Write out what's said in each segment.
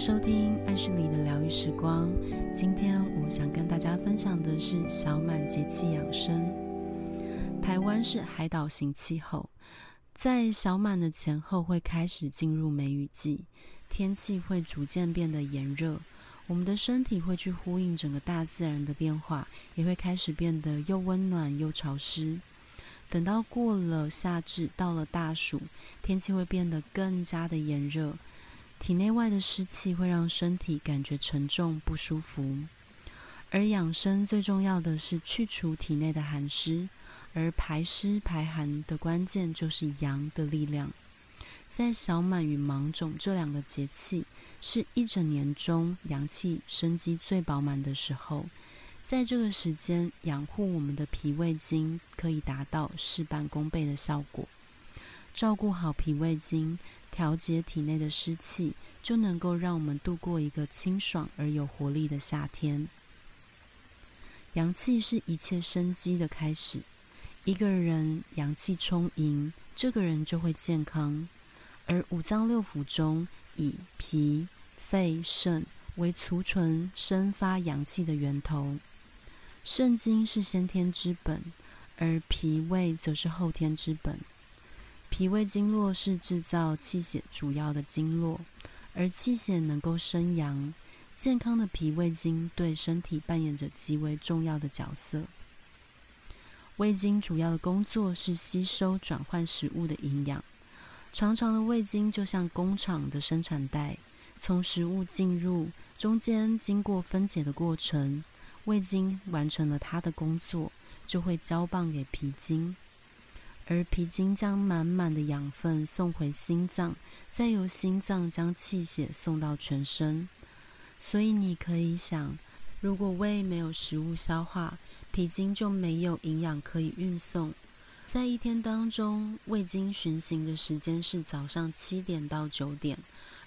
收聽愛是你的療癒時光。今天我們想跟大家分享的是小滿節氣養生。台灣是海島型氣候，在小滿的前後會開始進入梅雨季，天氣會逐漸變得炎熱，我們的身體會去呼應整個大自然的變化，也會開始變得又溫暖又潮濕。等到過了夏至，到了大暑，天氣會變得更加的炎熱。體內外的濕氣會讓身體感覺沉重不舒服，而養生最重要的是去除體內的寒濕，而排濕排寒的關鍵就是陽的力量。在小滿與芒種這兩個節氣，是一整年中陽氣生機最飽滿的時候，在這個時間養護我們的脾胃經，可以達到事半功倍的效果。照顧好脾胃經，調節體內的濕氣，就能夠讓我們度過一個清爽而有活力的夏天。陽氣是一切生機的開始，一個人陽氣充盈，這個人就會健康。而五臟六腑中，以脾、肺、腎為儲存、生發陽氣的源頭。腎精是先天之本，而脾胃則是後天之本。脾胃經絡是製造氣血主要的經絡，而氣血能夠生陽。健康的脾胃經對身體扮演着極為重要的角色。胃經主要的工作是吸收、轉換食物的營養。長長的胃經就像工廠的生產帶，從食物進入，中間經過分解的過程，胃經完成了它的工作，就會交棒給脾經。而脾經將滿滿的養分送回心臟，再由心臟將氣血送到全身。所以你可以想，如果胃沒有食物消化，脾經就沒有營養可以運送。在一天當中，胃經巡行的時間是早上七點到九點，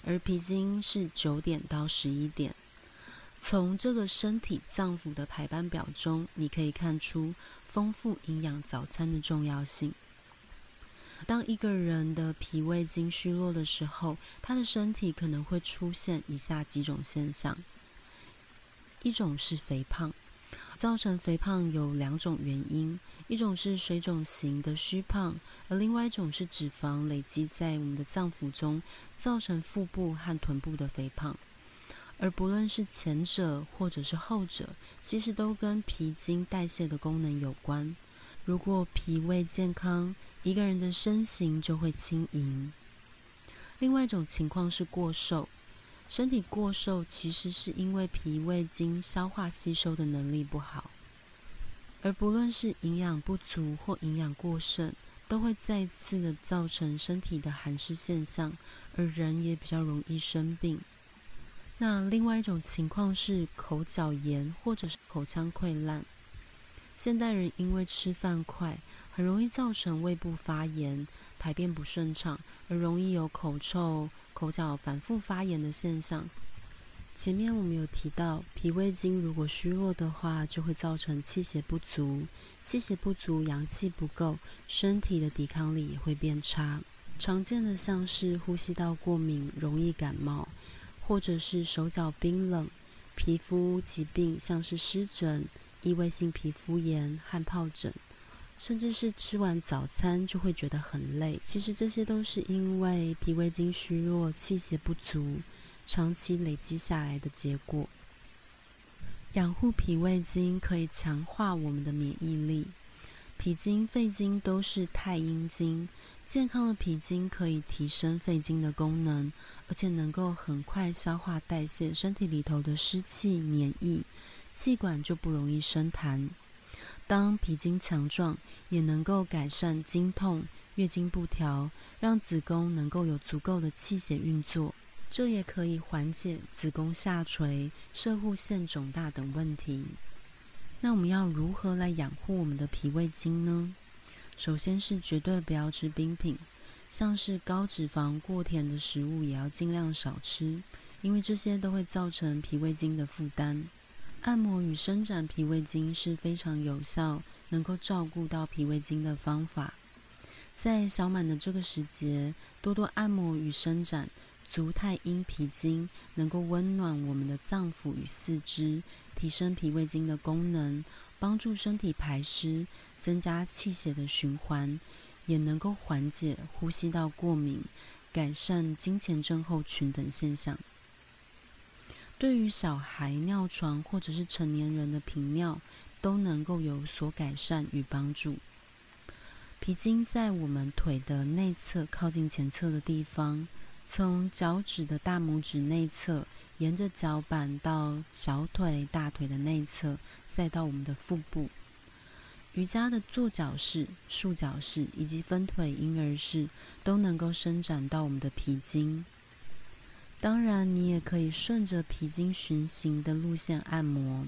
而脾經是九點到十一點。從這個身體臟腑的排班表中，你可以看出豐富營養早餐的重要性。當一個人的脾胃經虛弱的時候，他的身體可能會出現以下幾種現象。一種是肥胖，造成肥胖有兩種原因，一種是水腫型的虛胖，而另外一種是脂肪累積在我們的臟腑中，造成腹部和臀部的肥胖。而不論是前者或者是後者，其實都跟脾經代謝的功能有關。如果脾胃健康，一個人的身形就會輕盈。另外一種情況是過瘦，身體過瘦其實是因為脾胃經消化吸收的能力不好，而不論是營養不足或營養過剩，都會再次的造成身體的寒濕現象，而人也比較容易生病。那另外一種情況是口角炎或者是口腔潰爛，現代人因為吃飯快。很容易造成胃部發炎、排便不順暢，而容易有口臭、口角反覆發炎的現象。前面我們有提到，脾胃經如果虛弱的話，就會造成氣血不足，氣血不足、陽氣不夠，身體的抵抗力也會變差。常見的像是呼吸道過敏、容易感冒，或者是手腳冰冷、皮膚疾病，像是濕疹、異位性皮膚炎、汗疱疹。甚至是吃完早餐就會覺得很累，其實這些都是因為脾胃經虛弱、氣血不足、長期累積下來的結果。養護脾胃經可以強化我們的免疫力，脾經、肺經都是太陰經，健康的脾經可以提升肺經的功能，而且能夠很快消化代謝身體裡頭的濕氣、黏液，氣管就不容易生痰。當脾經強壯，也能夠改善經痛、月經不調，讓子宮能夠有足夠的氣血運作。這也可以緩解子宮下垂、攝護腺腫、腫大等問題。那我們要如何來養護我們的脾胃經呢？首先是絕對不要吃冰品，像是高脂肪、過甜的食物也要盡量少吃，因為這些都會造成脾胃經的負擔。按摩與伸展脾胃經是非常有效，能夠照顧到脾胃經的方法。在小滿的這個時節，多多按摩與伸展足太陰脾經，能夠溫暖我們的臟腑與四肢，提升脾胃經的功能，幫助身體排濕，增加氣血的循環，也能夠緩解呼吸道過敏、改善經前症候群等現象。對於小孩尿床或者是成年人的頻尿，都能夠有所改善與幫助。脾經在我們腿的內側靠近前側的地方，從腳趾的大拇指內側，沿着腳板到小腿、大腿的內側，再到我們的腹部。瑜伽的坐腳式、束腳式以及分腿嬰兒式，都能夠伸展到我們的脾經。當然，你也可以順着脾經循行的路線按摩。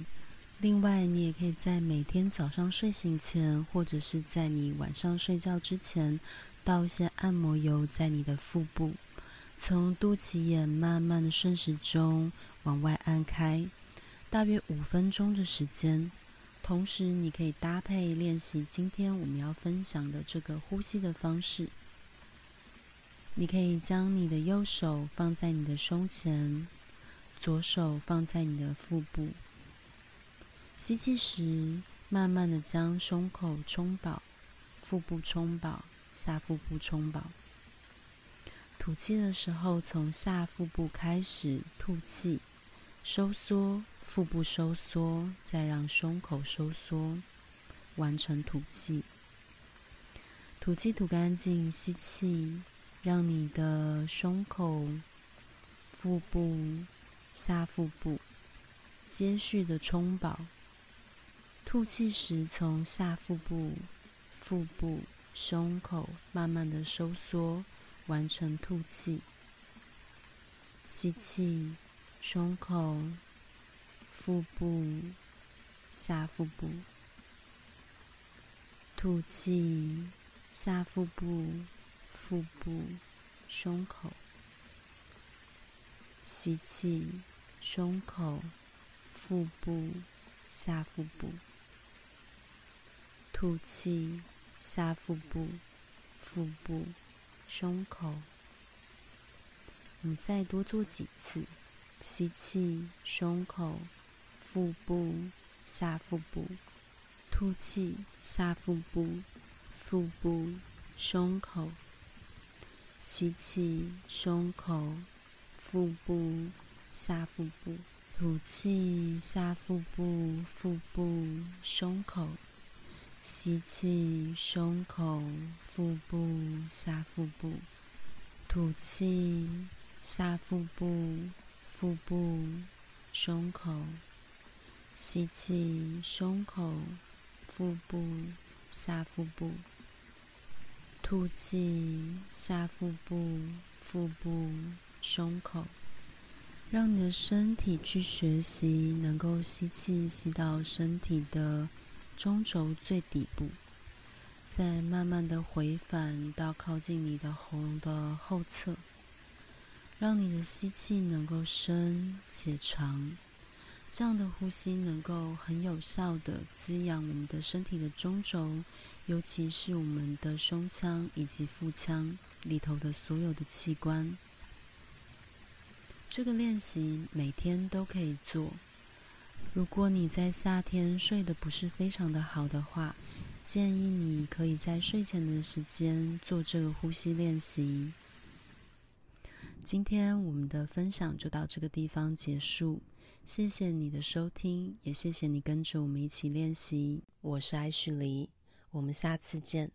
另外，你也可以在每天早上睡醒前，或者是在你晚上睡覺之前，倒一些按摩油在你的腹部，從肚臍眼慢慢的順時鐘往外按開，大約五分鐘的時間。同時，你可以搭配練習今天我們要分享的這個呼吸的方式。你可以將你的右手放在你的胸前，左手放在你的腹部。吸氣時，慢慢地將胸口充飽，腹部充飽，下腹部充飽。吐氣的時候，從下腹部開始吐氣，收縮腹部，收縮，再讓胸口收縮，完成吐氣。吐氣吐乾淨，吸氣。讓你的胸口、腹部、下腹部接續的充飽。吐氣時，從下腹部、腹部、胸口慢慢的收縮，完成吐氣。吸氣，胸口、腹部、下腹部。吐氣，下腹部。腹部、胸口，吸氣，胸口、腹部、下腹部；吐氣，下腹部、腹部、胸口。你再多做幾次：吸氣，胸口、腹部、下腹部；吐氣，下腹部、腹部、胸口。吸氣，胸口、腹部、下腹部；吐氣，下腹部、腹部、胸口。吸氣，胸口、腹部、下腹部；吐氣，下腹部、腹部、胸口。吸氣，胸口、腹部、下腹部。吐氣，下腹部、腹部、胸口，讓你的身體去學習能夠吸氣，吸到身體的中軸最底部，再慢慢的回返到靠近你的喉嚨的後側，讓你的吸氣能夠深且長。這樣的呼吸能夠很有效的滋養我們的身體的中軸，尤其是我們的胸腔以及腹腔裡頭的所有的器官。這個練習每天都可以做。如果你在夏天睡得不是非常的好的話，建議你可以在睡前的時間做這個呼吸練習。今天我們的分享就到這個地方結束。謝謝你的收聽，也謝謝你跟着我們一起練習。我是艾絮黎，我們下次見。